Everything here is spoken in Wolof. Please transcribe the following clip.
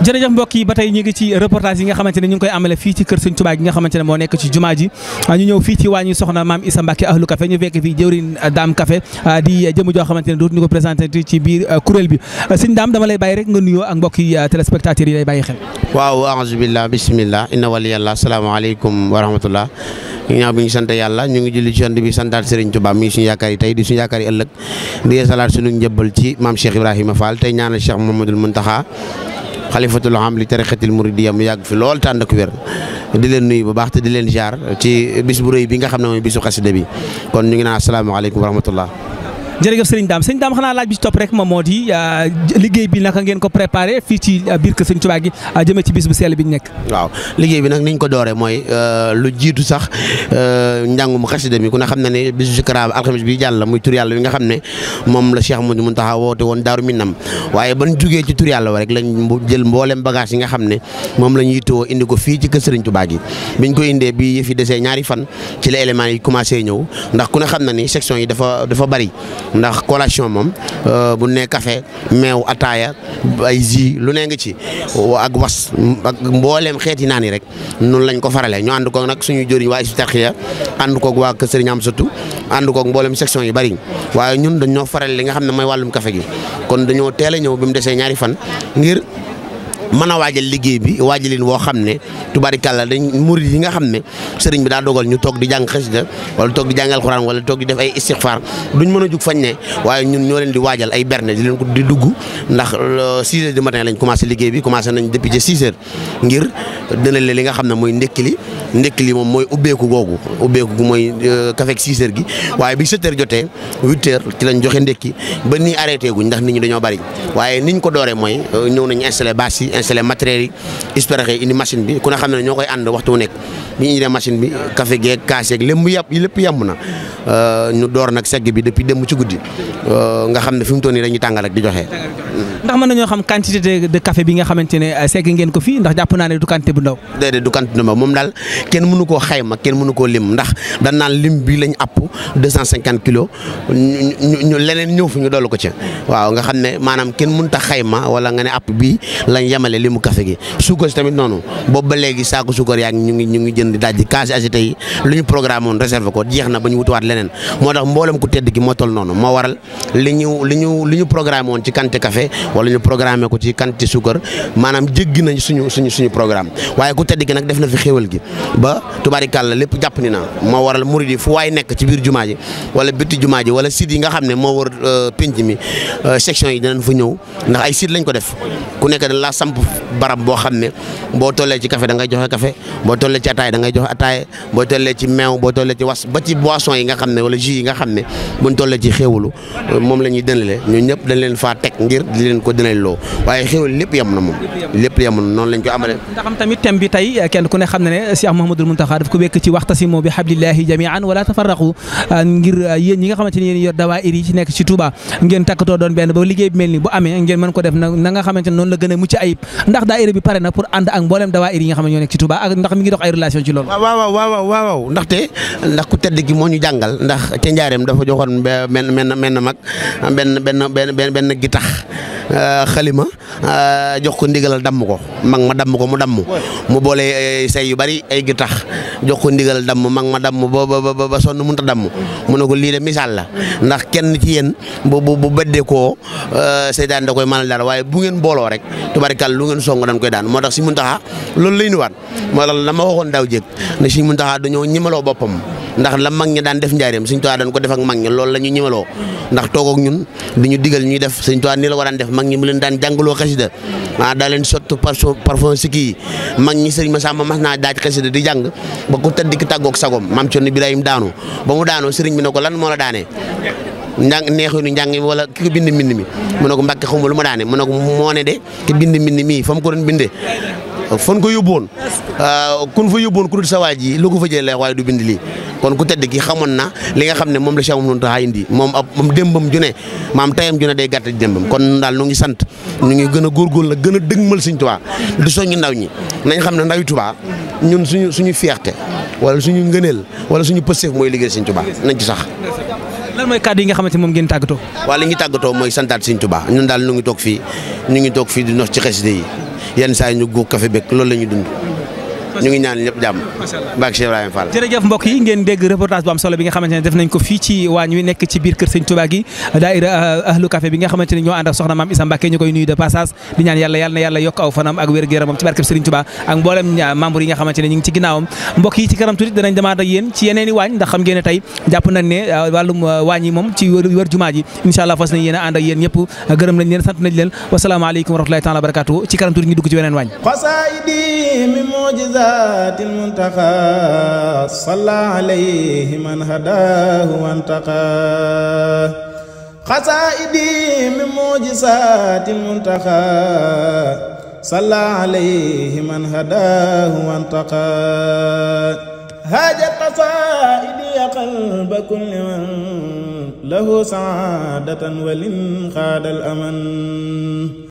jërëjëf mbokk yi ba tey ñu ngi ci reportage yi nga xamante ne ñu ngi koy amale fii ci kër Sëñ Tuubaa gi nga xamante ne moo nekk ci jumaa ji ah, ñu ñëw fii ci waañu soxna maam Issa Mbacke ahlu café ñu fekk fii jëwriñ Dame ah, di jëm joo xamante ne dootu ñu ko présenté ci biir ah, kuréel bi sëñ Dame lay bàyyi rek nga nuyoo ak mbokk yi téléspectateurs yi lay bàyyi xel waaw a'uuzu billah bismillah inna waliyallah assalaamu aleykum ñu ñaaw bi ñu sant yàlla ñu ngi julli ci sant bi santaat Serigne Touba mi suñu yaakaar yi tey di suñu yaakaar yi ëllëg di salaat suñu njëbbal ci maam Cheikh Ibrahima Fall tey ñaanal Cheikh Mouhamadoul Mountakha xalifatul am li tarixatil muridiyya mu yàgg fi lool tànd ak wér di leen nuyu bu baax te di leen jaar ci bis bu rëy bi nga xam ne mooy bisu xasida bi kon ñu ngi naan asalaamaaleykum wa rahmatullah jërëjëf sëriñ daam sëriñ daam xanaa laaj bi ci topp rek moom moo di euh, liggéey bi naka ngeen ko préparé fii ci euh, biir kër sëriñ Tuubaa gi euh, jëmee ci bis bu sell bi ñu nekk waaw liggéey bi nag niñ ko dooree mooy lu jiitu sax njàngum xasida mi ku ne xam ne ne bisu sikra alxamis bi jàll muy tur bi nga xam ne moom la Cheikh Amadou Muntaxa woote woon daaru minam waaye ban jógee ci tur yàlla rek lañ jël mboolem bagage yi nga xam ne moom la ñu yittewoo indi ko fii ci kër sëriñ Tuubaa gi biñ ko indee bi yëf yi desee ñaari fan ci la éléments yi commencé ñëw ndax ku ne xam na ni section yi dafa dafa bari ndax collation moom euh, bu ne café meew ataaya ay ji lu ne nga ci ak was ak mbooleem xeeti naan yi rek noonu lañ ko faralee ñu ànd koog nag suñu jëriñ waa Hizbut-Tarqiyyah ànd koog waa Kër Sëriñ am surtout ànd koog mboolem section yi bari waaye ñun dañoo faral li nga xam ne mooy wàllum kafe gi kon dañoo teel a ñëw bi mu desee ñaari fan ngir mën a waajal liggéey bi waajalin woo xam ne tubaarikàlla dañ murid yi nga xam ne sëriñ bi daa dogal ñu toog di jàng xasida wala toog di jàng alxuraan wala toog di def ay istixfaar duñ mën a jug fañ ne waaye ñun ñoo leen di waajal ay berne di leen ko di dugg ndax 6 euh, heures du matin lañ commencé liggéey bi commencé nañ depuis ci 6 heures ngir dina leen li nga xam ne mooy ndekki li ndekki li moom mooy ubbeeku googu ubbeeku gu mooy kafeeg euh, 6 heures gi waaye bi 7 jotee 8 heures ci lañ joxe ndekki ba nii arrêté guñ ndax nit ñi dañoo bari installé matériel yi espérer indi machine bi ku ne xam ne ñoo koy ànd waxtu wu nekk bi ñu indee machine bi café geeg kaas yeeg lépp yàpp lépp yàmm na nu euh, door nag segg bi depuis mu ci guddi euh, nga xam ne fi mu toll nii dañuy tàngal ak di joxe. ndax mën nañoo xam quantité de café bi nga xamante ne euh, segg ngeen ko fii ndax jàpp naa ne du ñu ñu ko ci waaw nga xam ne maanaam kenn mënut a xayma wala nga ne àpp bii lañ yemale limu café gi suukar si tamit noonu boobu ba léegi saako suukar yaa ngi ñu ngi ñu ngi jënd daaj di kaasi agité yi lu ñu programme woon réserve ko jeex na ba ñu wutiwaat leneen moo tax mboolem ku tedd gi moo toll noonu moo waral li ñu ñu li ñu programme woon ci quantité café wala ñu programmé ko ci quantité suukar maanaam jéggi nañ suñu programme waaye ku tedd ki nag def na fi xéwal gi ba tubaarikàlla lépp jàpp ni na moo waral murid fu waay nekk ci biir jumaa ji wala bitti jumaa ji wala site yi nga xam ne moo euh, euh, yi danañ fa ñëw ko def ku nekk dañ laa samp barab boo xam ne boo ci café da ngay joxe café boo tollee ci da ngay joxe ataay boo tollee ci meew boo tollee ba ci yi nga ne wala yi nga xam ne buñ tollee ci xéwalu euh, moom la ñuy leen faa teg ngir di leen leen ko dinañ loo waaye xéwal lépp yem na moom lépp yem na noonu lañ ko amale ndax am tamit thème bi tey kenn ku ne xam na ne Cheikh Mouhamadoul Mountakha daf ko wekk ci waxtasimu bi hablillahi jami'an wala tafarraqu euh, ngir euh, yéen ñi nga xamante ci ne noonu la gën a mucc ayib ndax daayir bi pare na pour ànd ak mboolem dawaayir yi nga xam ñoo nekk ci Touba ndax mi ngi dox ay relation ci loolu waaw waaw waaw ndaxte ndax ku tedd gi moo ñu ndax ca njaareem dafa joxoon benn mag benn Euh, xalima euh, jox ko ndigalal damm ko mag ma damm ko mu damm mu boole euh, say yu bari ay gi tax jox ko ndigalal damm mag ma damm ba ba ba sonn mun ta damm mu ne ko lii de misaal la ndax kenn ci yéen bu bu bu beddee koo seytaan da koy mënal dara waaye bu ngeen booloo rek tubarikal lu ngeen song dañ koy daan moo tax si Muntaxa loolu lay nuwaat moo tax la ma waxoon daaw jëkk ne si Muntaxa dañoo ñimaloo boppam ndax la mag ñi daan def njaareem Sëñ Tuubaa dañ ko def ak mag ñi lool la ñu ñimaloo ndax toog ñun di ñu digal ñuy def Sëñ Tuubaa ni la ko daan def mag ñi leen daan jàngaloo loo ah daa leen sotti parfum sikki yi mag ñi sëriñ naa daaj xasida di jàng ba ku tëdd ki tàggoog sagom maam Cerno Ibrahima daanu ba mu daanoo sëriñ bi ne ko lan moo la daanee njàng neexu ni njàng mi wala ki ko bind mbind mi mu ne ko mbàkke xawma lu ma daane mu ne ko moo ne de ki bind mbind mii fa mu ko doon bindee fan ko yóbboon ah, kun fa yóbboon ku dul sa waaj yi lu ko fa jëlee bind lii kon ku tedd ki xamoon na li nga xam ne moom la Cheikh Mouhamadou Mountakha indi moom ab moom démbam ju ne maam tayam ju ne day gàtt démbam kon daal nu ngi sant nu ngi gën a góorgóorlu la gën a dëgmal Sëñ Tuubaa soo soññu ndaw ñi nañ xam ne ndawi Tuubaa ñun suñu suñu fierté wala suñu ngëneel wala suñu pësteef mooy liggéey Sëñ Tuubaa nañ ci sax lan mooy kàddu yi nga xamante moom ngeen tàggatoo waaw li ngi tàggatoo mooy santaat Sëñ Tuubaa ñun daal ñu ngi toog fii ñu ngi toog fii di nox ci xasida yenn saa ñu góog café bek loolu la ñu dund ñu ngi ñaan ñëpp jàmm baak ngeen dégg reportage bu solo bi nga xamante ne def nañ ko fii ci waañ wi nekk ci biir kër sëñ Touba gi eh, ahlu café bi nga xamante ne ñoo ànd ak soxna maam Issa Mbacké ñu koy nuyu de passage di ñaan yàlla yokk aw fanam ak wér-gu-yaramam ci barkeb Serigne Touba ak mboolem eh, membre yi nga xamante ne ñu ci ginnaawam mbokk ci kanam tuuti danañ demaat ak ci yeneen waañ ndax xam ngeen ne tey nañ ne eh, wàllum waañ wa الهادي المنتقى صلى عليه من هداه وانتقاه قصائدي من معجزات المنتقى صلى عليه من هداه وانتقاه هاجت قصائدي قلب كل من له سعادة ولن خاد الأمن